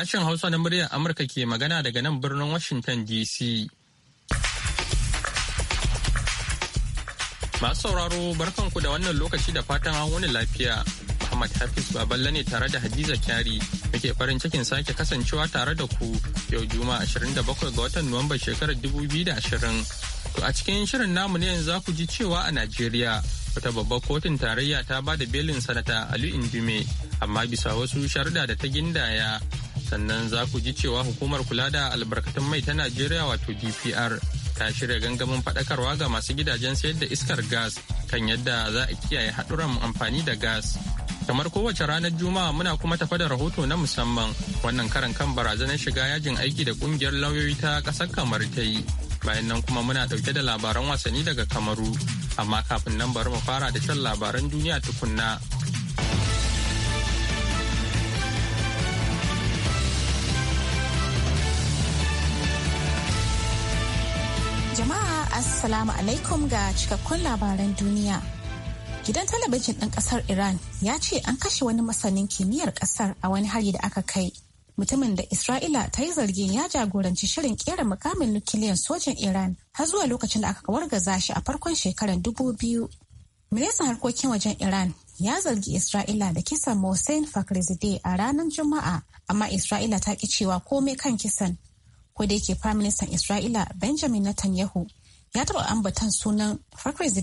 Sashen Hausa na muryar Amurka ke magana daga nan birnin Washington DC. Masu sauraro barkanku da wannan lokaci da fatan an wani lafiya. Muhammad Hafiz Baballe ne tare da Hadiza Kyari muke farin cikin sake kasancewa tare da ku yau Juma'a 27 ga watan Nuwamba shekarar 2020. To a cikin shirin namu ne yanzu za ku ji cewa a Najeriya wata babbar kotun tarayya ta ba da belin sanata Ali Indume amma bisa wasu sharuda da ta gindaya sannan za ku ji cewa hukumar kula da albarkatun mai ta najeriya wato dpr ta shirya gangamin faɗakarwa ga masu gidajen sayar da iskar gas kan yadda za a kiyaye haɗuran amfani da gas kamar kowace ranar juma'a muna kuma tafa da rahoto na musamman wannan karan kan barazanar shiga yajin aiki da kungiyar lauyoyi ta ƙasar kamar ta yi bayan nan kuma muna ɗauke da labaran wasanni daga kamaru amma kafin nan bari mu fara da shan labaran duniya tukunna Jama'a Assalamu alaikum ga cikakkun labaran duniya. Gidan talabijin ɗin ƙasar Iran ya ce an kashe wani masanin kimiyyar ƙasar a wani hari da aka kai. Mutumin da Isra'ila ta yi zargin ya jagoranci shirin kera mukamin nukiliyan sojan Iran har zuwa lokacin da aka gaza shi a farkon shekarar dubu biyu. Ministan harkokin wajen Iran ya zargi Isra'ila da kisan Mohsen Fakhrizadeh a ranar Juma'a, amma Isra'ila ta ki cewa komai kan kisan ko da yake prime minister isra'ila benjamin netanyahu ya taɓa ambatan sunan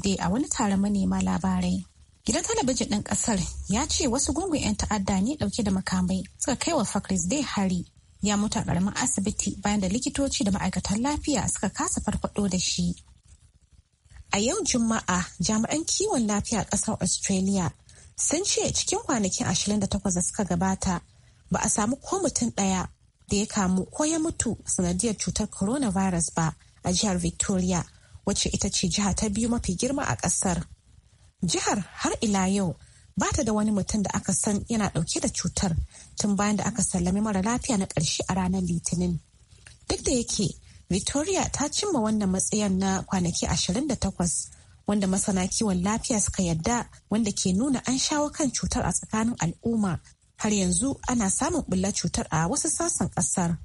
day a wani taron manema labarai gidan talabijin ɗin ƙasar ya ce wasu gungun 'yan ta'adda ne ɗauke da makamai suka kai wa Day hari ya mutu a ƙaramin asibiti bayan da likitoci da ma'aikatan lafiya suka kasa farfaɗo da shi a yau juma'a jami'an kiwon lafiya ƙasar australia sun ce cikin kwanakin 28 da suka gabata ba a samu ko mutum ɗaya da ya kamu ko ya mutu sanadiyar cutar coronavirus ba a jihar Victoria wacce ita ce jiha ta biyu mafi girma a ƙasar. Jihar har ila yau ba ta da wani mutum da aka san yana ɗauke da cutar tun bayan da aka sallami mara lafiya na ƙarshe a ranar Litinin. Duk da yake Victoria ta cimma wannan matsayin na kwanaki 28 wanda masana kiwon lafiya suka yadda wanda ke nuna an shawo kan cutar a tsakanin al'umma har yanzu ana samun bulla cutar a wasu sassan ƙasar.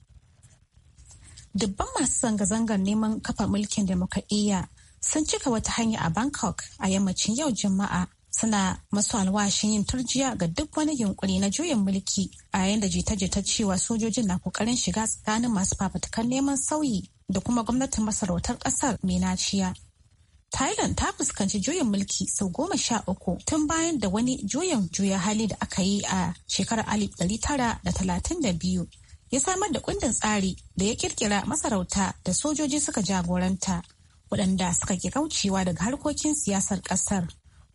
Dubban masu zanga-zangar neman kafa mulkin demokradiyya sun cika wata hanya a Bangkok a yammacin yau Juma'a suna masu alwashin yin turjiya ga duk wani yunkuri na juyin mulki a yayin da jita-jita cewa sojojin na kokarin shiga tsakanin masu fafutukan neman sauyi da kuma gwamnatin masarautar ƙasar mai naciya Thailand ta fuskanci juyin mulki sau goma sha uku tun bayan da wani juyin juya hali da aka yi a shekarar alif ya samar da kundin tsari da ya kirkira masarauta da sojoji suka jagoranta waɗanda suka ki kaucewa daga harkokin siyasar ƙasar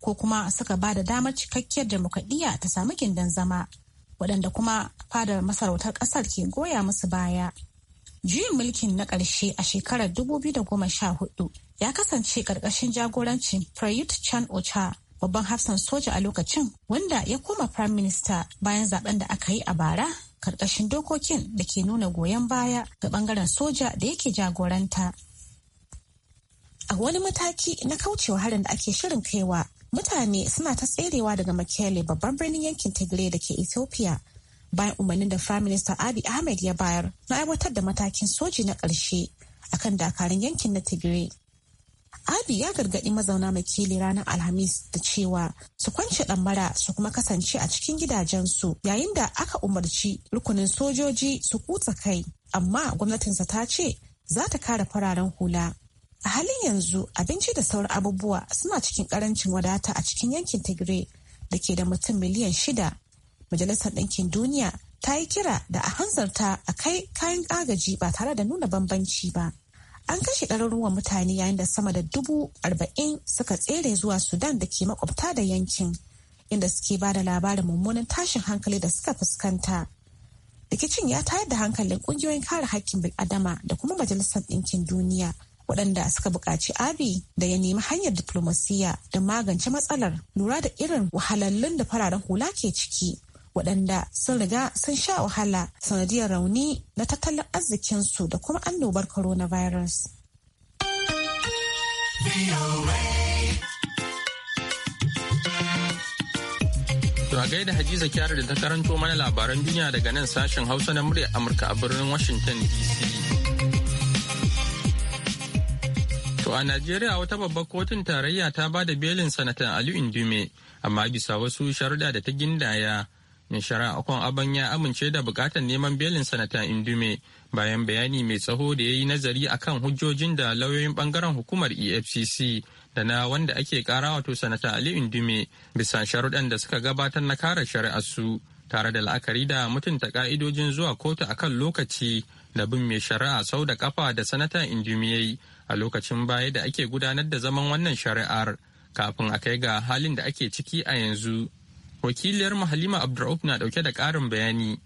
ko kuma suka ba da damar cikakkiyar demokradiyya ta samu gindin zama waɗanda kuma fadar masarautar ƙasar ke goya musu baya. Juyin mulkin na ƙarshe a shekarar 2014 ya kasance ƙarƙashin jagorancin Prayut Chan Ocha babban hafsan soja a lokacin wanda ya koma prime minister bayan zaben da aka yi a bara karkashin dokokin da ke nuna goyon baya ga bangaren soja da yake jagoranta a wani mataki na kaucewa harin da ake shirin kaiwa mutane suna ta tserewa daga makele babban birnin yankin tigray da ke ethiopia bayan umarnin da prime minister abiy ahmed ya bayar na aiwatar da matakin soji na ƙarshe akan dakarun yankin na tigray Abi ya gargaɗi mazauna makili ranar Alhamis da cewa su kwance mara su kuma kasance a cikin gidajensu yayin da aka umarci rukunin sojoji su kutsa kai. Amma gwamnatinsa ta ce za ta kare fararen hula. A halin yanzu abinci da sauran abubuwa suna cikin ƙarancin wadata a cikin yankin Tigray da ke da mutum miliyan shida. Majalisar Ɗinkin Duniya ta yi kira da a hanzarta a kai kayan agaji ba tare da nuna bambanci ba. an kashe ɗaruruwan mutane yayin da sama da dubu arba'in suka tsere zuwa sudan da ke makwabta da yankin inda suke ba da labarin mummunan tashin hankali da suka fuskanta rikicin ya tayar da hankalin kungiyoyin kare hakkin bil'adama da kuma majalisar ɗinkin duniya waɗanda suka buƙaci abi da ya nemi hanyar diplomasiya da magance matsalar lura da irin wahalallun da fararen hula ke ciki waɗanda sun riga sun sha wahala sanadiyar rauni na tattalin arzikinsu da kuma annobar coronavirus. To a gaida Hadiza Kyari da ta karanto mana labaran duniya daga nan sashen Hausa na murya Amurka a birnin Washington DC. To a Najeriya wata babbar kotun tarayya ta ba da belin sanatan Aliyu Indume amma bisa wasu sharuda da ta gindaya mai shari'a akon aban ya amince da bukatar neman belin sanata indume bayan bayani mai tsaho da ya yi nazari akan hujjojin da lauyoyin bangaren hukumar efcc da na wanda ake kara wato sanata ali indume bisa sharuɗan da suka gabatar na kare su tare da la'akari da mutunta ka'idojin zuwa kotu a kan lokaci da bin mai shari'a sau da kafa da sanata indume ya yi a lokacin baya da ake gudanar da zaman wannan shari'ar kafin a kai ga halin da ake ciki a yanzu wakiliyar halima abdurrauf na dauke da karin bayani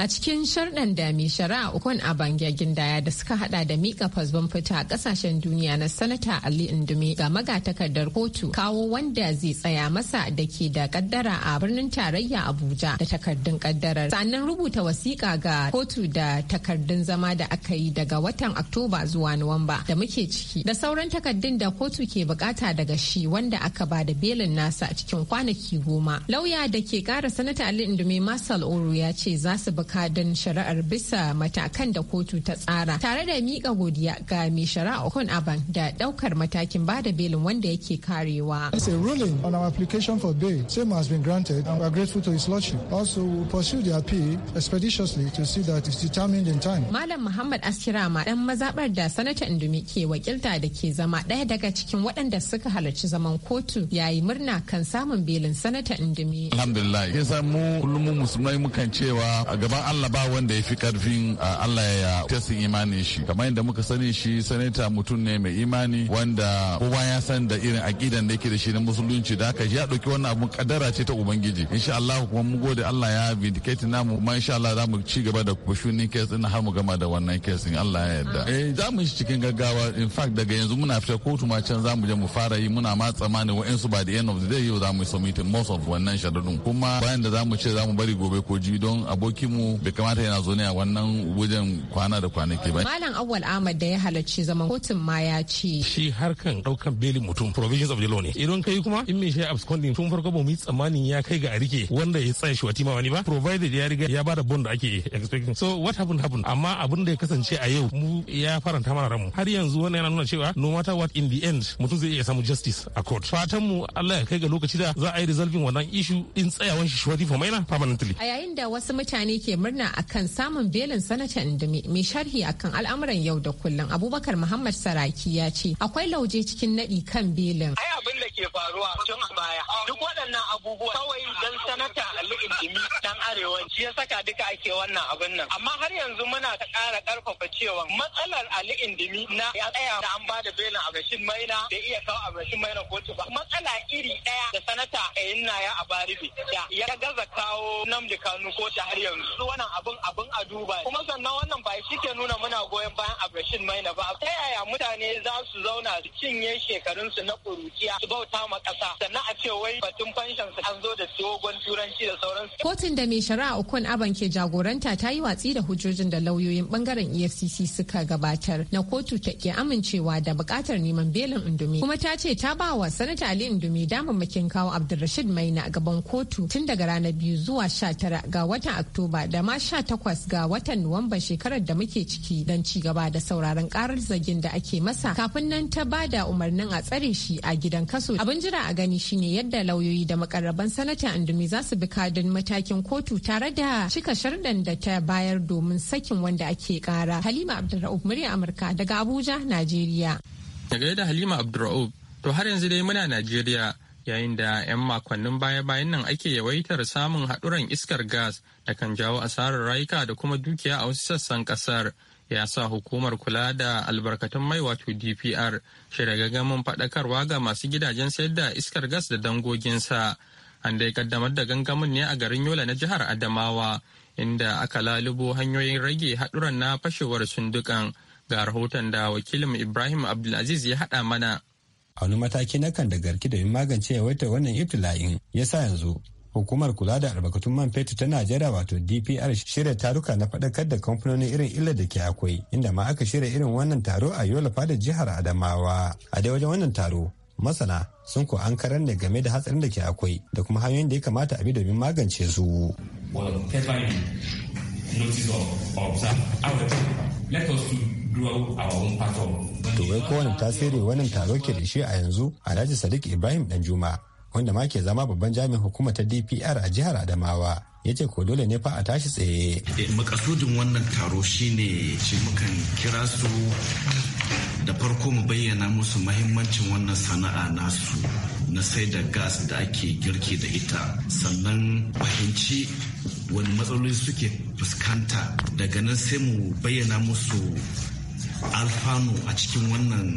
a cikin sharɗan da mai shari'a ukun a bangagin daya da suka hada da mika fasban fita a kasashen duniya na sanata ali indumi ga magatakardar kotu kawo wanda zai tsaya masa da ke da kaddara a birnin tarayya abuja da takardun kaddarar sannan rubuta wasiƙa ga kotu da takardun zama da aka yi daga watan oktoba zuwa nuwamba da muke ciki da sauran takardun da kotu ke bukata daga shi wanda aka ba da belin nasa cikin kwanaki goma lauya da ke kara sanata ali indumi masal Oru ya ce za su amurka shari'ar bisa matakan da kotu ta tsara tare da miƙa godiya ga mai shari'a okon aban da ɗaukar matakin ba da belin wanda yake karewa it's a ruling on our application for bail same has been granted and we are grateful to his lordship also we pursue the appeal expeditiously to see that it's determined in time malam muhammad askirama dan mazabar da sanata indumi ke wakilta da ke zama ɗaya daga cikin waɗanda suka halarci zaman kotu yayi murna kan samun belin sanata indumi alhamdulillah yasa mu kullum musulmai mukan cewa a shugaban Allah ba wanda ya fi karfin Allah ya tasin imanin shi kamar yadda muka sani shi sanata mutum ne mai imani wanda kowa ya san da irin akidan da yake da shi na musulunci da haka ya dauki wannan abun kadara ce ta ubangiji insha Allah kuma mu gode Allah ya vindicate namu kuma insha Allah za mu ci gaba da kushunin kes din har mu gama da wannan case din Allah ya yarda eh za mu shi cikin gaggawa in fact daga yanzu muna fita kotu ma can za mu je mu fara yi muna ma tsammanin wa'ansu ba the end of the day yau za mu submit most of wannan sharadun kuma bayan da za mu ce za mu bari gobe ko ji don mu samu bai kamata yana zo ne a wannan wajen kwana da kwanaki ba. Malam Awal Ahmad da ya halarci zaman kotun ma ya ce. Shi harkan ɗaukan belin mutum provisions of the law ne. Idan kai kuma in mai shi absconding tun farko ba mu yi tsammanin ya kai ga a rike wanda ya tsaya shi wa tima wani ba provided ya riga ya bada bond da ake expecting. So what happened happened amma abin da ya kasance a yau mu ya faranta mana ranmu har yanzu wannan yana nuna cewa no matter what in the end mutum zai iya samu justice a court. Fatan mu Allah ya kai ga lokaci da za a yi resolving wannan issue in tsayawan shi shwadi for maina permanently. A yayin da wasu mutane ke ke murna akan samun belin sanata indimi mai sharhi akan al'amuran yau da kullum abubakar muhammad saraki ya ce akwai lauje cikin nadi kan belin ai abin da ke faruwa tun a baya duk waɗannan abubuwa kawai dan sanata ali indimi dan arewa shi ya saka duka ake wannan abin nan amma har yanzu muna ta ƙara karfafa cewa matsalar ali indimi na ya tsaya da an ba da belin abashin maina da iya kawo abashin maina kotu ba matsala iri ɗaya da sanata eh, na ya Abaribe da ya gaza kawo da Kanu ko ta har yanzu wannan abun abun a duba kuma sannan wannan ba shi ke nuna muna goyon bayan Abdulrashid Maina ba ta yaya mutane za su zauna su cinye shekarunsu na kuruciya. su bauta ma kasa sannan a ce wai batun pension su an zo da dogon turanci da sauransu. Kotun da mai shari'a ukun Aban ke jagoranta ta yi watsi da hujjojin da lauyoyin bangaren EFCC suka gabatar na kotu ta ke amincewa da bukatar neman belin Indumi kuma ta ce ta ba wa sanata Ali Indumi damammakin kawo kawo Abdulrashid na gaban kotu tun daga ranar biyu zuwa sha tara ga watan Oktoba da ma sha takwas ga watan Nuwamba shekarar da muke ciki don ci gaba da sauraron karar zagin da ake masa kafin nan ta ba da umarnin a tsare shi a gidan kaso. Abin jira a gani shine yadda lauyoyi da makarraban sanata Andumi za su bi kadin matakin kotu tare da cika shardan da ta bayar domin sakin wanda ake kara. Halima Abdulrahman murya Amurka daga Abuja, Najeriya. Daga yadda Halima Abdulrahman to har yanzu dai muna Najeriya. yayin da 'yan makonnin baya-bayan nan ake yawaitar samun haɗuran iskar gas da kan jawo asarar rayuka da kuma dukiya a wasu sassan ƙasar ya sa hukumar kula da albarkatun mai wato dpr shirya-gagamin faɗakarwa ga masu gidajen sayar da iskar gas da dangoginsa an dai kaddamar da gangamin ne a garin yola na jihar adamawa inda aka lalubo hanyoyin rage haɗuran na fashewar sundukan ga rahoton da wakilin ibrahim abdulaziz ya haɗa mana a wani mataki na kan da garki domin magance yawaita wannan ibtila'in ya sa yanzu hukumar kula da albarkatun man fetur ta najeriya wato dpr shirya taruka na faɗakar da kamfanonin irin illar da ke akwai inda ma aka shirya irin wannan taro a yola da jihar adamawa a dai wajen wannan taro masana sun ko an karar ne game da hatsarin da ke akwai da kuma hanyoyin da ya kamata a bi domin magance su. Well, let us do To kowane tasiri wani taro ke da shi a yanzu Alhaji Sadiq Ibrahim Danjuma wanda ma ke zama babban jami'in hukumar ta DPR a jihar Adamawa ya ce ko dole ne fa a tashi tsaye. Eh, makasudin wannan taro shine shi mukan kira su da farko mu bayyana musu mahimmancin wannan sana'a nasu na sai da gas da ake girki da ita sannan fahimci wani matsaloli suke fuskanta daga nan sai mu bayyana musu alfanu a cikin wannan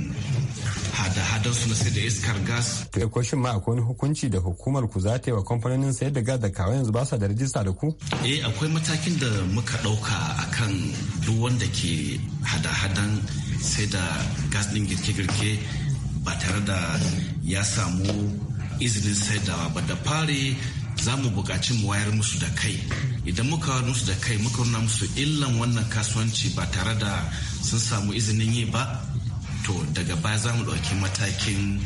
hada-hadar su na sai da iskar gas. Kai ko ma akwai wani hukunci da hukumar ku za ta yi wa kamfanonin sayar da gas da kawai yanzu ba sa da rajista da ku? Eh akwai matakin da muka ɗauka akan duk wanda ke hada-hadan sai da gas ɗin girke-girke ba tare da ya samu izinin da ba da fari za mu buƙaci mu wayar musu da kai idan muka wayar musu da kai muka nuna musu illan wannan kasuwanci ba tare da sun samu izinin yi ba to daga baya za mu ɗauki matakin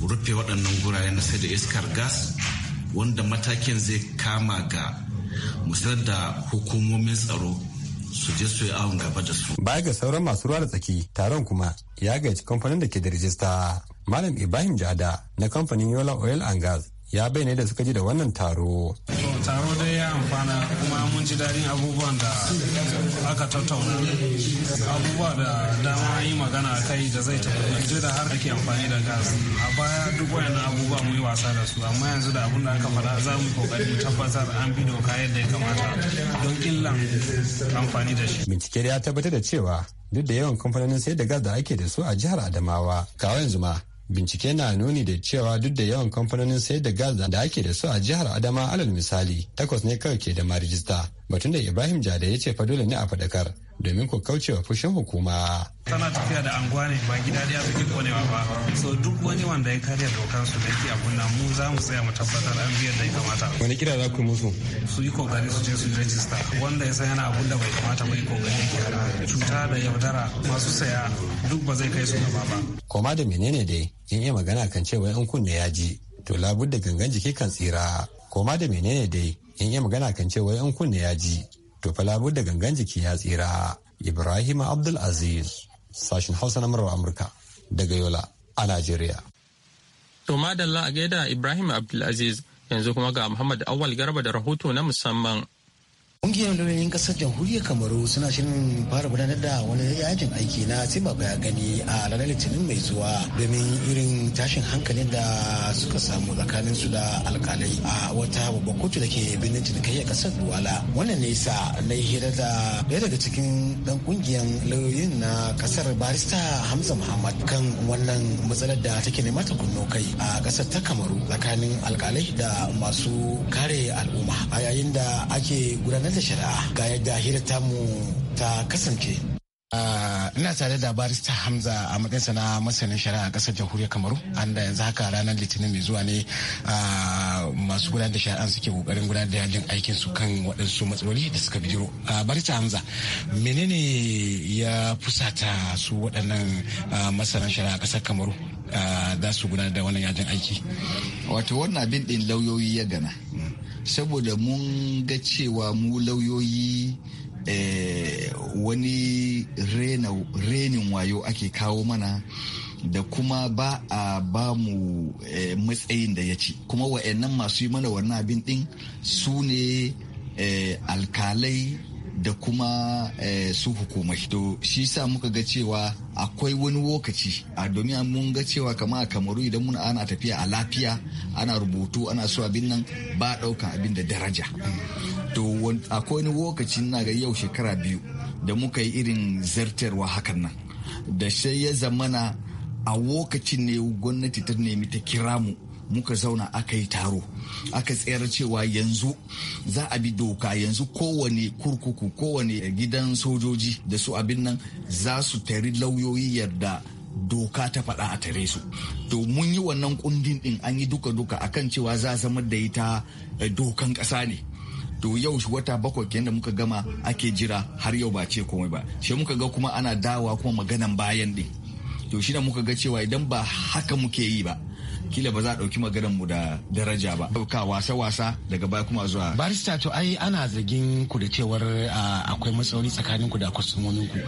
rufe waɗannan gurare na sai da iskar gas wanda matakin zai kama ga musayar da hukumomin tsaro su je su yi awon gaba da su. Baya ga sauran masu ruwa da tsaki taron kuma ya gaji kamfanin da ke da rijista. Malam Ibrahim Jada na kamfanin Yola Oil and Gas ya bayyana da suka ji da wannan taro. taro dai ya amfana kuma mun ji daɗin abubuwan da aka tattauna abubuwa da dama yi magana a kai da zai tafi yanzu da har ake amfani da gas a baya duk wayannan abubuwa mu yi wasa da su amma yanzu da abun da aka faɗa za mu kokari mu tabbatar an bi doka yadda ya kamata don illan amfani da shi. bincike ya tabbatar da cewa duk da yawan kamfanonin sayar da gas da ake da su a jihar adamawa kawai yanzu ma bincike na nuni da cewa duk da yawan kamfanonin sayar da gas da ake da su a jihar adama alal misali takwas ne kawai ke da marijista batun da ibrahim jada ya ce fa dole ne a fadakar domin ku kaucewa fushin hukuma tana tafiya da anguwa ne ba gida ɗaya suke konewa ba so duk wani wanda ya karya dokan su da yake abun nan mu za mu tsaya mu tabbatar an biyar da ya kamata wani kira za ku musu su yi kokari su je su yi rajista wanda ya san yana abun da bai kamata bai kokari ya cuta da yaudara masu saya duk ba zai kai su gaba ba koma da menene dai in iya magana kan cewa in kunne ya ji to da gangan jiki kan tsira koma da menene dai in yi magana kan cewa yan kunne ya ji to fa labu da gangan jiki ya tsira ibrahim abdul aziz sashin hausa na murar amurka daga yola a najeriya to madalla a gaida ibrahim abdul-aziz yanzu kuma ga muhammad awal garba da rahoto na musamman Ƙungiyar lauyoyin ƙasar jamhuriyar Kamaru suna shirin fara gudanar da wani yajin aiki na Simba ya gani a ranar Litinin mai zuwa domin irin tashin hankalin da suka samu tsakanin su da alkalai a wata babban kotu da ke birnin cinikayyar ƙasar Duwala. Wannan nesa na na hira da ɗaya daga cikin ɗan ƙungiyar lauyoyin na ƙasar barista Hamza Muhammad kan wannan matsalar da take nema ta kunno kai a ƙasar ta Kamaru tsakanin alkalai da masu kare al'umma a yayin da ake gudanar da shari'a ga yadda hira mu ta kasance ah, ina tare da barista hamza a matsayinsa na masanin shari'a a kasar jamhuriyar kamaru an da yanzu haka ranar litinin mai zuwa ne ah, masu gudanar da shari'a suke kokarin gudanar da yajin aikin su kan waɗansu matsaloli da suka bijiro ah, barista hamza menene ya fusata su waɗannan masanin shari'a a kasar kamaru za su gudanar da wannan yajin aiki wato wannan abin din lauyoyi ya gana saboda mun ga cewa mu lauyoyi e, wani renin wayo ake kawo mana da kuma ba a ba mu e, matsayin da ya ci kuma wa'annan masu yi mana wannan abin ɗin su ne e, alkalai da kuma eh, su hukumai to shi sa muka ga cewa akwai wani lokaci a domin mun ga cewa kama a kamaru idan muna ana tafiya a lafiya ana rubutu ana so abin nan ba ɗaukan abin da daraja to akwai wani lokaci na ga yau shekara biyu da muka yi irin zartarwa hakan nan da sai ya zamana a lokacin ne gwamnati ta nemi ta kira mu muka zauna aka yi taro aka tsayar cewa yanzu za a bi doka yanzu kowane kurkuku kowane gidan sojoji da su abin nan za su tari lauyoyi yarda doka ta faɗa a tare su to mun yi wannan kundin din an yi duka-duka akan cewa za zama da ita eh, dokan ƙasa ne to yau wata bakwai kenan da muka gama ake jira har yau ba ce komai ba shi muka ga kuma ana dawa kuma maganan bayan din to shi muka ga cewa idan ba haka muke yi ba kila ba za a ɗauki maganar mu da daraja ba Dauka wasa wasa daga baya kuma zuwa barista to ai ana zargin ku da cewar akwai matsaloli tsakanin ku da kwastomomin ku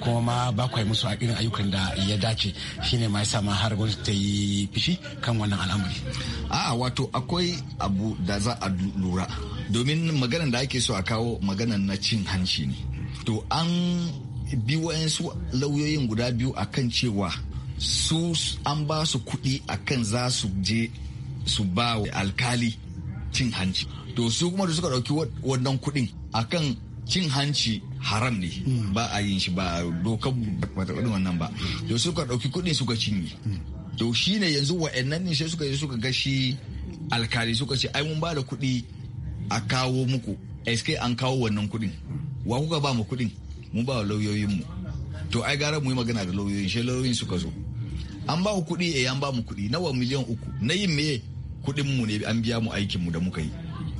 kuma ma ba ku musu a irin ayyukan da ya dace shine ma yasa ma har gwamnati ta yi fishi kan wannan al'amari a wato akwai abu da za a lura domin maganar da ake so a kawo maganar na cin hanci ne to an bi wa'yansu lauyoyin guda biyu akan cewa su an ba su kuɗi akan za su je su ba alkali cin hanci to su kuma da suka ɗauki wannan kuɗin akan cin hanci haram ne hmm. ba a yin shi ba dokan bata wannan ba hmm. to suka ɗauki kuɗin suka cinye hmm. to shine yanzu wa'annan ne sai suka yi suka ga shi alkali suka ce ai mun ba da kuɗi a kawo muku sk an kawo wannan kuɗin wa kuka ba mu kuɗin mun ba wa lauyoyinmu to ai gara mu yi magana da lauyoyin shi lauyoyin suka zo an ba ku kuɗi eh an ba mu kuɗi nawa miliyan uku na yin me kuɗin mu ne an biya mu aikin mu da muka yi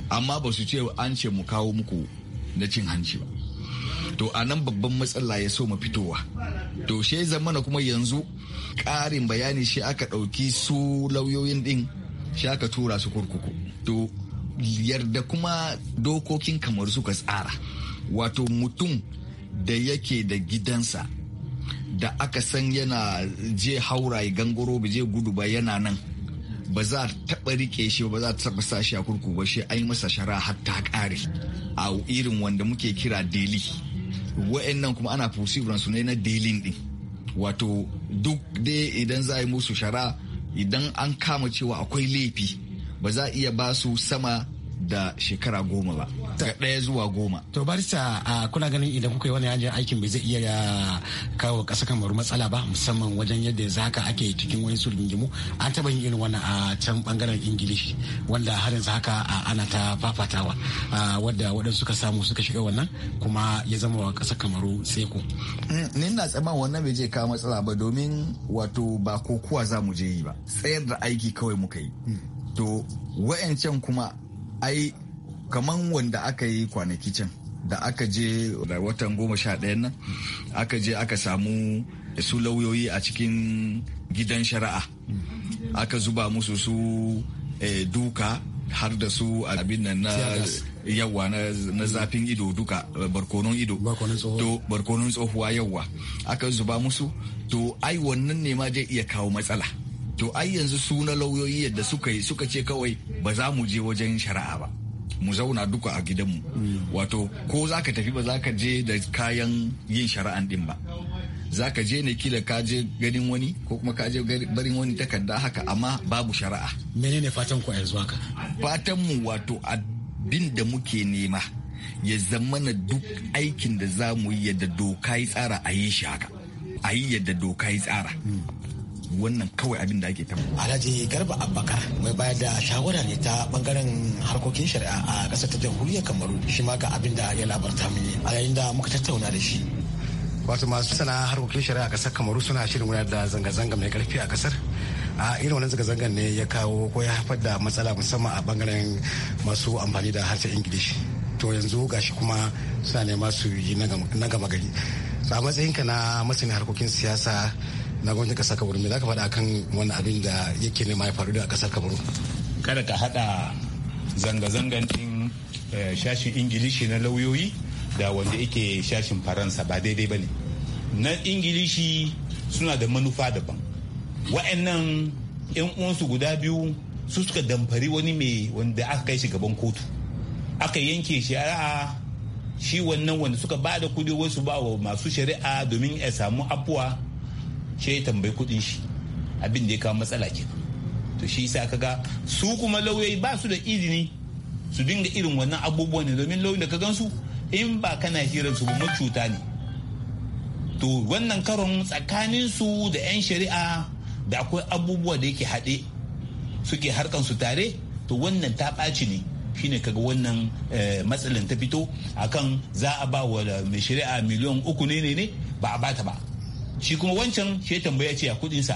amma ba su ce an ce mu kawo muku na cin hanci ba to a nan babban matsala ya so mu fitowa to she zamana kuma yanzu ƙarin bayani shi aka ɗauki su lauyoyin ɗin shi aka tura su kurkuku to yarda kuma dokokin kamar suka tsara wato mutum da yake da gidansa da aka san yana je hauraye gangaro ba je gudu ba yana nan ba za taɓa rike shi ba za ta taɓa sa shi a kurkuku ba shi an yi masa shara har ta ƙare a irin wanda muke kira deli wa'annan kuma ana su ne na delin din wato duk dai idan za a yi musu shara idan an kama cewa akwai laifi ba za a iya ba su sama da shekara goma ba ga ɗaya zuwa goma to barista kuna ganin idan kuka yi wani yajin aikin bai zai iya kawo ƙasa kamar matsala ba musamman wajen yadda zaka ake cikin wani rigimu an taɓa yin irin wani a can bangaren ingilishi wanda har yanzu haka ana ta fafatawa wadda waɗansu suka samu suka shiga wannan kuma ya zama wa ƙasa kamaru ku. Mm, ni na tsaman wannan bai je kawo matsala ba domin wato ba kokuwa za mu je yi ba tsayar da aiki kawai muka yi mm. to wayancan kuma ai kaman wanda aka yi kwanaki can da aka je da watan goma sha ɗaya nan aka je aka samu su lauyoyi a cikin gidan shari'a aka zuba musu su eh, duka har da su abin nan na yawa na zafin ido duka barkonon ido to barkonon tsohuwa yawa aka zuba musu to ai wannan ne ma zai iya kawo matsala to ai yanzu su na lauyoyi yadda suka suka ce kawai ba za mu je wajen shari'a ba mu zauna duka a gidanmu wato ko za ka tafi ba za ka je da kayan yin shari'an din ba za ka je ne kila ka je ganin wani ko kuma ka je barin wani takarda haka amma babu shari'a menene fatan ku yanzu haka fatan mu wato abin da muke nema ya zamana duk aikin da za mu yi yadda doka ya tsara a yi shi haka a yi yadda doka ya tsara wannan kawai abin da ake tabbata. Alhaji Garba Abubakar mai bayar da shawara ne ta bangaren harkokin shari'a a ƙasar ta jamhuriyar Kamaru shi ma ga abin da ya labarta mini a yayin da muka tattauna da shi. Wato masu sana harkokin shari'a a ƙasar Kamaru suna shirin gudanar da zanga-zanga mai ƙarfi a ƙasar. a irin wannan zanga-zangar ne ya kawo ko ya haifar da matsala musamman a bangaren masu amfani da harshen ingilishi to yanzu gashi kuma suna nema su yi na gama gari a matsayinka na masanin harkokin siyasa na gwamnatin kasar kamaru me za ka faɗa akan wani abin da yake nema ya faru da kasar kamaru kada ka haɗa zanga-zangan din eh, shashin ingilishi na lauyoyi da wanda yake shashin faransa ba daidai ba ne na ingilishi suna da manufa daban wa'annan 'yan uwansu guda biyu su suka damfari wani mai wanda aka kai shi gaban kotu aka yanke shari'a shi wannan wanda suka ba da kudi wasu ba wa masu shari'a domin ya samu abuwa shi ya tambayi kuɗin shi abin da ya kawo matsala ke to shi sa kaga su kuma lauyoyi ba su da izini su dinga irin wannan abubuwan ne domin lauyoyi da ka gansu in ba kana hirar su ba cuta ne to wannan karon tsakanin su da 'yan shari'a da akwai abubuwa da yake haɗe suke harkan su tare to wannan ta ɓaci ne shine kaga wannan eh, matsalin ta fito akan za a ba wa mai shari'a miliyan uku ne ne ba a bata ba shi kuma wancan shi ya tambaya ce a kudinsa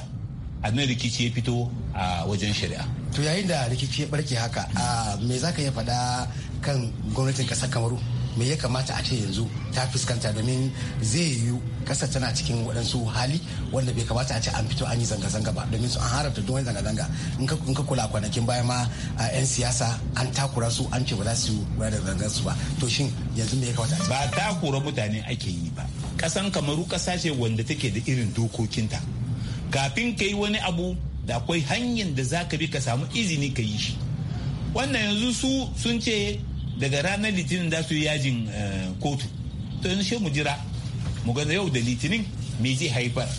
a nan rikici ya fito a wajen shari'a to yayin da rikici ya barke haka a me za ka iya faɗa kan gwamnatin ƙasar kamaru me ya kamata a ce yanzu ta fuskanta domin zai yiwu ƙasar tana cikin waɗansu hali wanda bai kamata a ce an fito an yi zanga-zanga ba domin su an harabta don zanga-zanga in ka kula kwanakin bayan ma a 'yan siyasa an takura su an ce ba za su yi da zanga su ba to shin yanzu me ya kamata a ce ba takura mutane ake yi ba kasan kamaru kasa ce wanda take da irin dokokinta kafin ka yi wani abu da akwai hanyar da za ka bi ka samu izini ka yi shi wannan yanzu su sun ce daga ranar litinin za su yi yajin eh, kotu to yanzu shi mu jira mu ga yau da litinin me zai haifar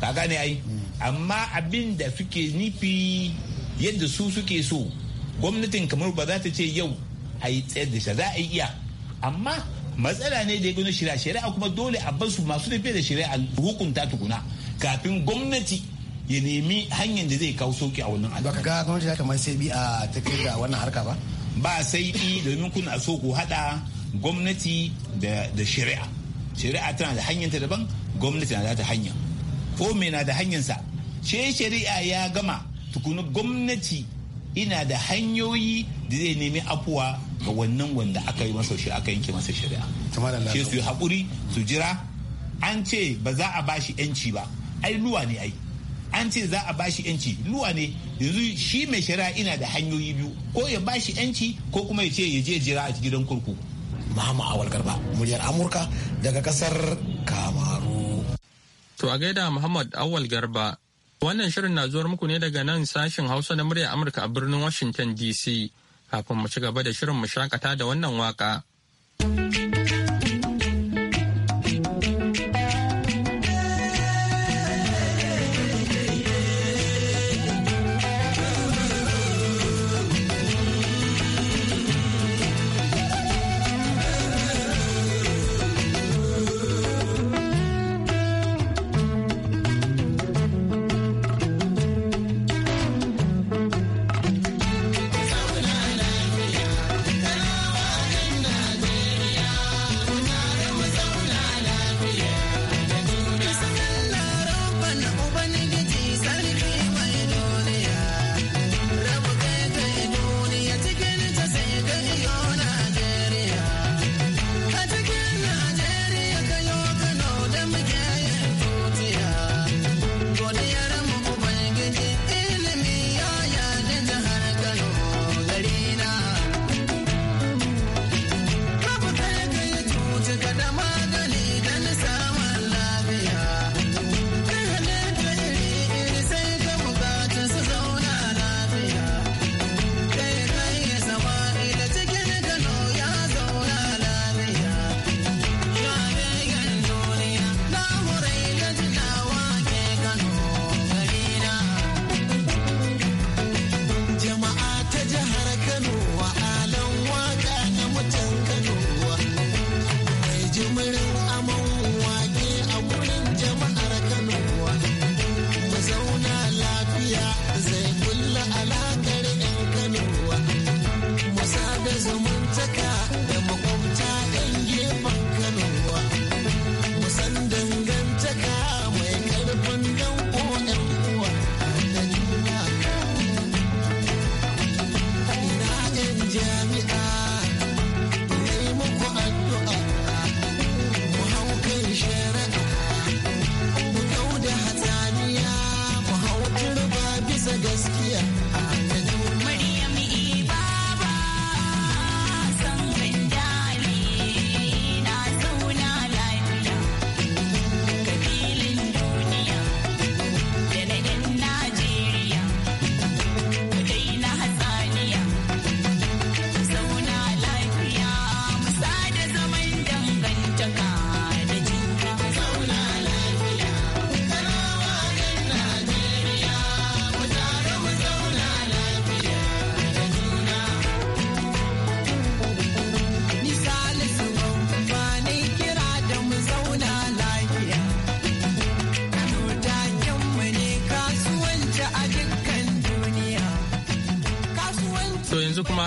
ka gane ai amma abin da suke nufi yadda su suke so gwamnatin kamar ba za ta ce yau a yi tsayar da shi za a iya amma matsala ne da ya gano shari'a shari'a kuma dole a bar su masu tafiya da shari'a hukunta tukuna kafin gwamnati ya nemi hanyar da zai kawo sauki a wannan al'amari. Baka ga gwamnati ya kamar sai bi a tafiyar da wannan harka ba? Ba sai bi domin kuna so ku haɗa gwamnati da shari'a. Shari'a tana da hanyar ta daban gwamnati na da ta hanya. Ko mai na da hanyarsa. She shari'a ya gama tukuna gwamnati ina da hanyoyi da zai nemi afuwa ga wannan wanda aka yi masa shi aka yanke masa shari'a sai su yi haƙuri su jira an ce ba za a bashi yanci ba ai luwa ne ai an ce za a bashi yanci luwa ne yanzu shi mai shari'a ina da hanyoyi biyu ko ya bashi yanci ko kuma ya ce ya je jira a gidan kurkuku Mahama Awal Garba muryar Amurka daga kasar Kamaru to a gaida Muhammad Awal Garba Wannan shirin na zuwar muku ne daga nan sashen Hausa na murya Amurka a birnin Washington DC. Kafin mu ci gaba da shirin mu shakata da wannan waka.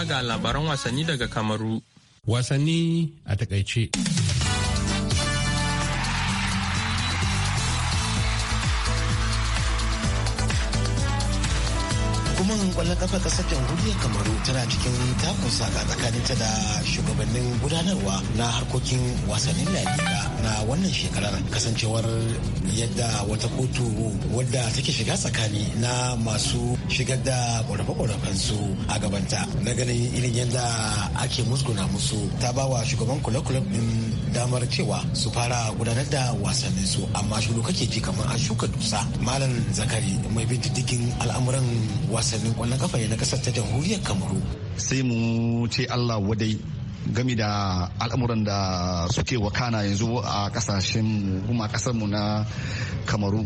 ga labaran wasanni daga Kamaru. Wasanni a takaice. hukumar kwallon kafa kasar jamhuriyar kamaru tana cikin takun saka tsakaninta da shugabannin gudanarwa na harkokin wasannin lafiya na wannan shekarar kasancewar yadda wata kotu wadda take shiga tsakani na masu shigar da ƙorafe-ƙorafen su a gabanta na ganin irin yadda ake musguna musu ta ba wa shugaban kula din damar cewa su fara gudanar da wasannin su amma shi kake ji kamar an shuka dusa malam zakari mai bin diddigin al'amuran wasannin kwallon kafa na kasar ta jamhuriyar kamaru sai mu ce allah wadai Gami da al'amuran da suke wakana yanzu a kasashen kuma kasar mu na kamaru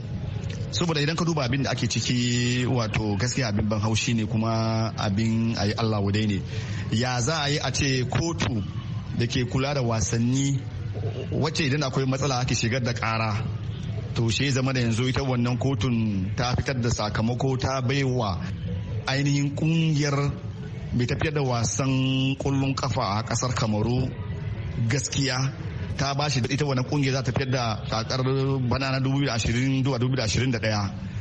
saboda idan ka duba abin da ake ciki wato gaskiya abin ban haushi ne kuma abin a yi allah wadai ne ya za a yi a ce kotu da ke kula da wasanni wacce idan akwai matsala ake shigar da kara to shi zama da yanzu ita wannan kotun ta fitar da sakamako ta baiwa ainihin kungiyar mai tafiya da wasan kullun kafa a kasar kamaru gaskiya ta ba shi ita wannan kungiya za ta fitar da kakar bana na 2020 zuwa 2021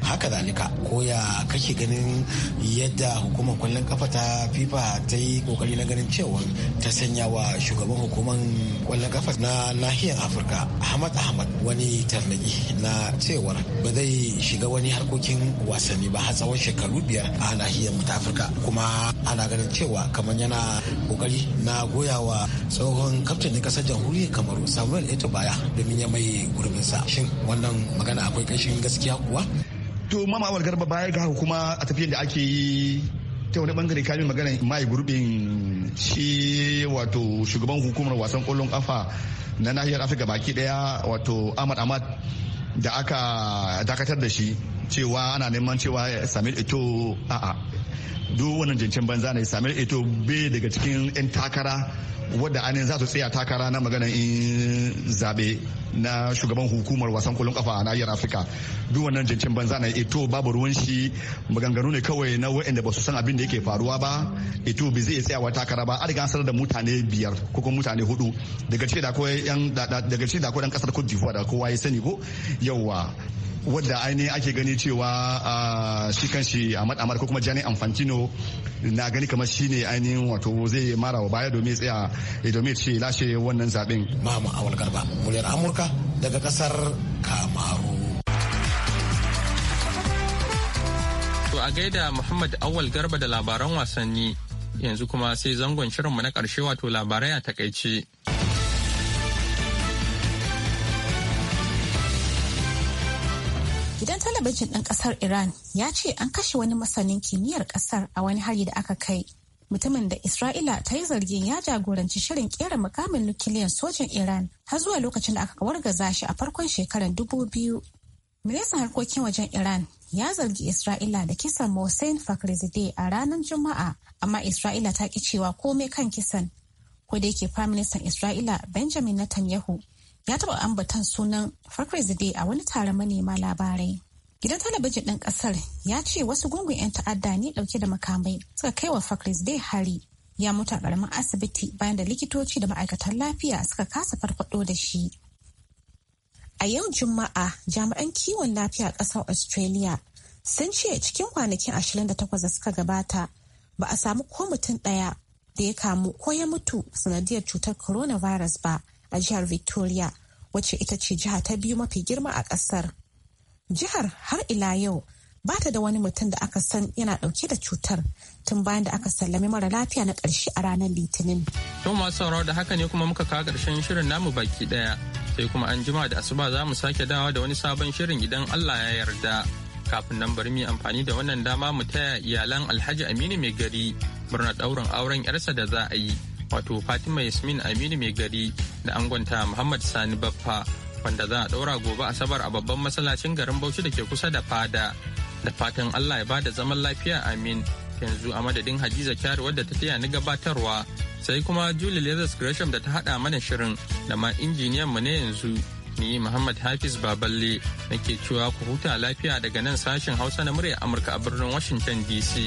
haka zalika ko ya kake ganin yadda hukumar kwallon kafa ta fifa ta yi kokari na ganin cewa ta sanya wa shugaban hukumar kwallon kafa na nahiyar afirka ahmad ahmad wani tarnaki na cewar ba zai shiga wani harkokin wasanni ba har tsawon shekaru biyar a nahiyar mu ta afirka kuma ana ganin cewa kamar yana kokari na goyawa tsohon kaftin na kasar jamhuriyar kamaru samuel eto baya domin ya mai sa. shin wannan magana akwai kashin gaskiya kuwa to mama awal garba baya ga hukuma a tafiyar da ake yi ta wani bangare kami magana mai gurbin shi wato shugaban hukumar wasan kwallon kafa na nahiyar afirka baki daya wato ahmad ahmad da aka dakatar da shi cewa ana neman cewa Samuel ito a'a duk wannan jancen banza ne samuel eto bai daga cikin 'yan takara wadda anin za su tsaya takara na maganar in zabe na shugaban hukumar wasan kolon kafa a nahiyar afirka duk wannan jancen banza na eto babu ruwan shi maganganu ne kawai na wa'anda ba su san abin da yake faruwa ba eto bai zai tsayawa takara ba an riga an sanar da mutane biyar ko kuma mutane hudu daga cikin da akwai yan daga da dan kasar cote d'ivoire da kowa ya sani ko yawa wadda aini ake gani cewa shi kan shi Ahmad Amar ko kuma Gianni Infantino na gani kamar shi ne ainihin wato zai mara wa baya domin tsaya eh, domin ce lashe wannan zaben. Mama Awal Garba, muryar Amurka daga kasar Kamaru. To a gaida Muhammad Awal Garba da labaran wasanni yanzu kuma sai zangon shirinmu na karshe wato labarai a takaice. talabijin ɗan ƙasar Iran ya ce an kashe wani masanin kimiyyar ƙasar a wani hari da aka kai. Mutumin da Isra'ila ta yi zargin ya jagoranci shirin kera mukamin nukiliyan sojin Iran har zuwa lokacin da aka wargaza shi a farkon shekarar dubu biyu. Ministan harkokin wajen Iran ya zargi Isra'ila da kisan Mohsen Fakhrizadeh a ranar Juma'a, amma Isra'ila ta ki cewa komai kan kisan. Ko da yake Firaministan Isra'ila Benjamin Netanyahu ya taɓa ambatan sunan Fakhrizadeh a wani taron manema labarai. Gidan talabijin ɗin ƙasar ya ce wasu gungun 'yan ta'adda ne ɗauke da makamai suka kai wa fakris dai hari ya mutu a ƙaramin asibiti bayan da likitoci da ma'aikatan lafiya suka kasa farfaɗo da shi. A yau Juma'a jami'an kiwon lafiya ƙasar Australia sun ce cikin kwanakin 28 da suka gabata ba a samu ko mutum ɗaya da ya kamu ko ya mutu sanadiyar cutar coronavirus ba a jihar Victoria wacce ita ce jiha ta biyu mafi girma a ƙasar. Jihar har ila yau ba ta da wani mutum da aka san yana dauke da cutar tun bayan da aka sallami mara lafiya na ƙarshe a ranar litinin. To masu sauraro da haka ne kuma muka kawo ƙarshen shirin namu baki ɗaya sai kuma an jima da asuba za mu sake dawa da wani sabon shirin idan Allah ya yarda. Kafin nan bari mu amfani da wannan dama mu taya iyalan Alhaji Aminu mai gari murna ɗaurin auren 'yarsa da za a yi wato Fatima Yasmin Aminu mai gari da angonta Muhammad Sani Baffa makon da za a ɗaura gobe asabar a babban masallacin garin bauchi da ke kusa da fada da fatan allah ya ba da zaman lafiya amin yanzu a madadin hadiza kyari wadda ta taya ni gabatarwa sai kuma julie leathers gresham da ta haɗa mana shirin da ma injiniyan mu ne yanzu ni muhammad hafiz baballe nake cewa ku huta lafiya daga nan sashen hausa na murya amurka a birnin washington dc